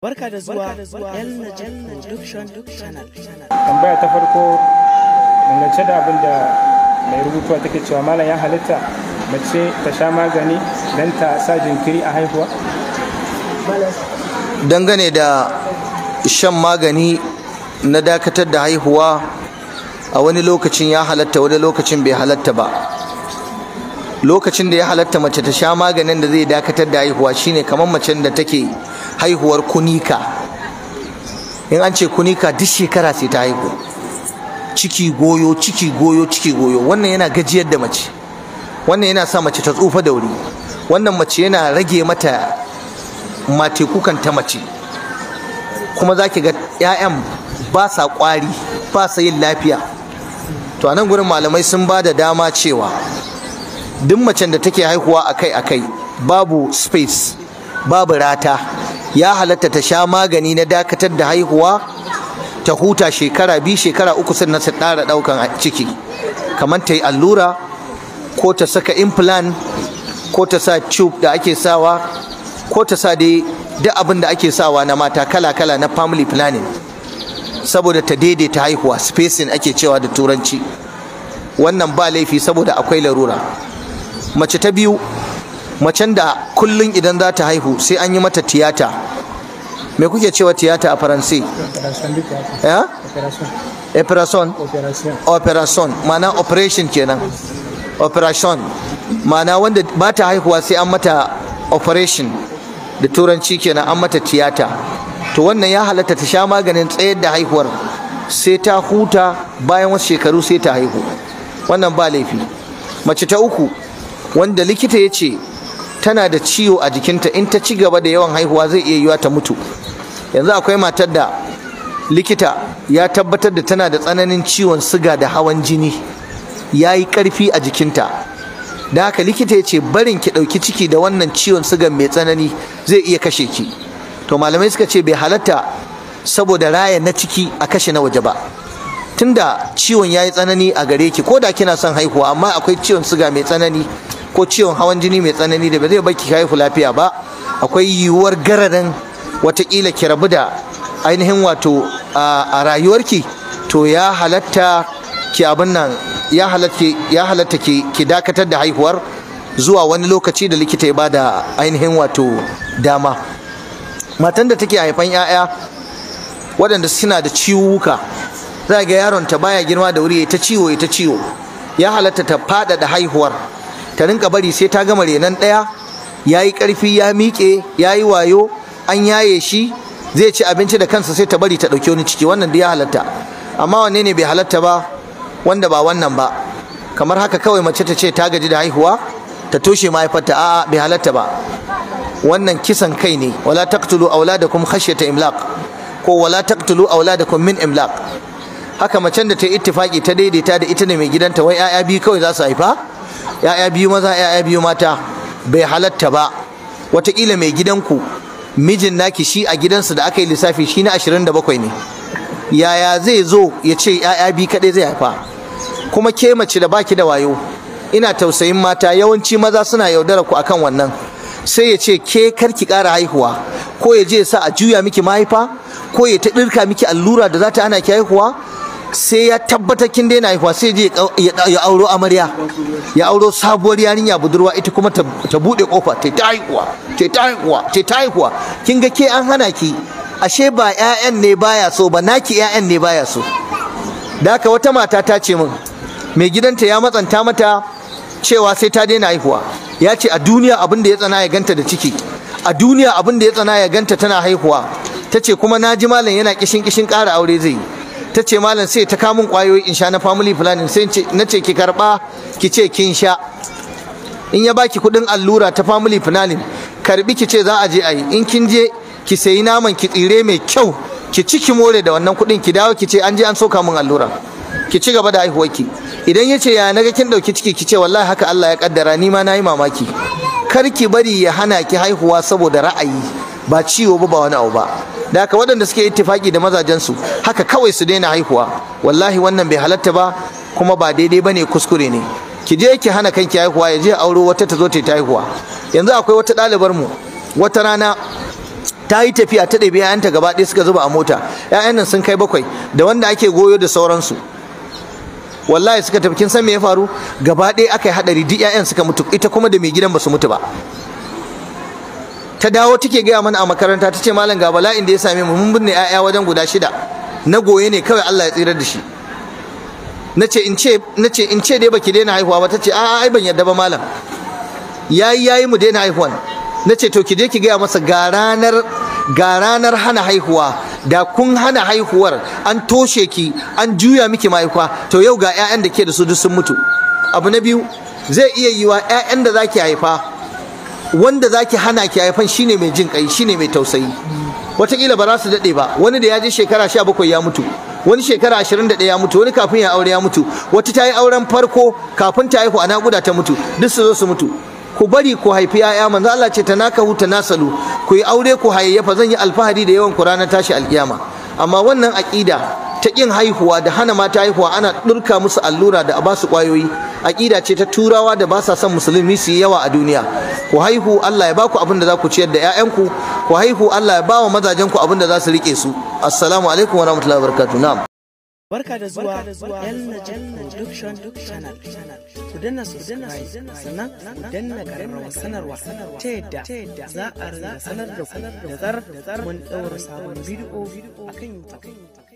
Barka da zuwa El Najal Production Channel. Tambaya ta farko dangance da abin da mai rubutuwa take cewa malam ya halitta mace ta sha magani don ta sa jinkiri a haihuwa? Dangane da shan magani na dakatar da haihuwa a wani lokacin ya halatta wani lokacin bai halatta ba. Lokacin da ya halatta mace ta sha maganin da zai dakatar da haihuwa shine kamar macen da take haihuwar kunika in an ce kunika duk shekara sai ta haihu ciki goyo ciki goyo ciki goyo wannan yana gajiyar da mace wannan yana sa mace ta tsufa da wuri wannan mace yana rage mata matekukan ta mace kuma za ki ga 'ya'yan ba sa ƙwari ba sa yin lafiya to a nan gurin malamai sun ba da dama cewa duk macen da take haihuwa akai-akai babu space babu rata ya halatta ta sha magani na dakatar da haihuwa ta huta shekara bi shekara uku sun nasa ɗara ɗaukan ciki kamar ta yi allura ko ta saka implant ko ta sa tube da ake sawa ko ta sa dai duk abin da ake sawa na mata kala-kala na family planning saboda ta daidaita haihuwa spacing ake cewa da turanci wannan ba laifi saboda akwai larura mace ta biyu macen da kullum idan za ta haihu sai an yi mata tiyata me kuke cewa tiyata a faransi ya eh? operation operation ma'ana operation kenan operation ma'ana wanda ba ta haihuwa sai an mata operation da turanci kenan an mata tiyata to wannan ya halatta ta sha maganin tsayar da haihuwar sai ta huta bayan wasu shekaru sai ta haihu wannan ba laifi mace ta uku wanda likita ya ce tana da ciwo a jikinta in ta ci gaba da yawan haihuwa zai iya yiwa ta mutu yanzu akwai matar da likita ya tabbatar da tana da tsananin ciwon siga da hawan jini ya yi ƙarfi a jikinta da haka likita ya ce barin ki ɗauki ciki da wannan ciwon sigan mai tsanani zai iya kashe ki to malamai suka ce bai halatta saboda raya na ciki a kashe na waje ba tunda ciwon ya yi tsanani a gare ki ko da kina son haihuwa amma akwai ciwon siga mai tsanani ko ciwon hawan jini mai tsanani da ba zai baki haihu lafiya ba akwai yiwuwar gararin watakila ki rabu da ainihin wato a rayuwarki to ya halatta ki abin nan ya halatta ki dakatar da haihuwar zuwa wani lokaci da likita ya bada ainihin wato dama matan da take haifan 'ya'ya waɗanda suna da ciwuka za ga yaron ta baya girma da wuri ya ta ciwo ya ta ciwo ya halatta ta faɗaɗa haihuwar ta rinka bari sai ta gama renon ɗaya ya yi ƙarfi ya miƙe ya yi wayo an yaye shi zai ci abinci da kansa sai ta bari ta ɗauki wani ciki wannan da ya halatta amma wanne ne bai halatta ba wanda ba wannan ba kamar haka kawai mace ta ce ta gaji da haihuwa ta toshe mahaifarta a'a bai halatta ba wannan kisan kai ne wala taqtulu auladakum khashyata imlaq ko wala taqtulu auladakum min imlaq haka macen da ta yi ittifaki ta daidaita da ita ne mai gidanta wai 'ya'ya biyu kawai za su haifa 'ya'ya biyu maza 'ya'ya biyu mata bai halatta ba watakila mai gidanku mijin naki shi a gidansu da aka yi lissafi shi na 27 ne yaya zai zo ya ce ya'ya bi kadai zai haifa kuma ke mace da baki da wayo ina tausayin mata yawanci maza suna yaudara ku akan wannan sai ya ce ke karki ƙara haihuwa ko ya je sa a juya miki mahaifa ko ya ta miki allura da za ta hana ki haihuwa sai ya tabbata kin daina haihuwa sai je ya auro amarya ya auro sabuwar yarinya budurwa ita kuma ta bude kofa ta ta haihuwa ta ta haihuwa ta ta haihuwa kin ga ke an hana ki ashe ba ƴaƴan ne baya so ba naki ƴaƴan ne baya so da haka wata mata ta ce min mai gidanta ya matsanta mata cewa sai ta daina haihuwa ya ce a duniya abin da ya tsana ya ganta da ciki a duniya abin da ya tsana ya ganta tana haihuwa ta ce kuma na ji malam yana kishin kishin ƙara aure zai yi ta ce malam sai ta kamun kwayoyi in sha na family planning sai na ce ki karba ki ce kin sha in ya baki kudin allura ta family planning karbi ki ce za a je a in kin je ki sayi naman ki tsire mai kyau ki ci ki more da wannan kudin ki dawo ki ce an je an soka mun allura ki ci gaba da ki idan ya ce ya naga kin dauki ciki ki ce wallahi haka Allah ya kaddara ni ma nayi mamaki kar ki bari ya hana ki haihuwa saboda ra'ayi ba ciwo ba ba wani abu ba da haka waɗanda suke ittifaki da mazajensu haka kawai su daina haihuwa wallahi wannan bai halatta ba kuma ba daidai ba ne kuskure ne ki je ki hana kanki haihuwa ya je auro wata ta zo ta ta haihuwa yanzu akwai wata ɗalibar mu wata rana ta yi tafiya ta ɗabi 'ya'yanta gaba ɗaya suka zuba a mota 'ya'yan nan sun kai bakwai da wanda ake goyo da sauransu wallahi suka tafi kin san me ya faru gaba ɗaya aka yi haɗari duk 'ya'yan suka mutu ita kuma da mai gidan ba su mutu ba ta dawo take gaya mana a makaranta ta ce malam ga bala'in da ya same mu mun binne 'ya'ya wajen guda shida na goye ne kawai Allah ya tsirar da shi na ce in ce dai baki daina haihuwa ba ta ce a'a ai ban yarda ba malam yayi yayi mu daina haihuwan na ce to ki je ki gaya masa ga ranar ga ranar hana haihuwa da kun hana haihuwar an toshe ki an juya miki mahaifa to yau ga 'ya'yan da ke da su duk sun mutu abu na biyu zai iya yiwa 'ya'yan da zaki haifa wanda zaki hana ki haifan shine mai jin kai shine mai tausayi wataƙila ba za su daɗe ba wani da ya je shekara sha bakwai ya mutu wani shekara ashirin da ɗaya ya mutu wani kafin ya aure ya mutu wata ta yi auren farko kafin ta haihu a naƙuda ta mutu duk su zo su mutu ku bari ku haifi ya'ya manzo Allah ce ta na tanasalu ku yi aure ku hayayyafa zan yi alfahari da yawan ku ranar tashi alkiyama amma wannan aƙida ta ƙin haihuwa da hana mata haihuwa ana ɗurka musu allura da a su ƙwayoyi aƙida ce ta turawa da ba sa son musulmi su yi yawa a duniya ku haihu Allah ya baku abin da za ku ciyar da 'ya'yanku ku haihu Allah ya bawa mazajen ku abin da za su riƙe su assalamu alaikum wa rahmatullahi wa barakatuh na'am barka da zuwa yalla janna production channel ku danna sannan ku danna karamar sanarwa ta yadda za a sanar da ku da zar mun ɗaura sabon bidiyo YouTube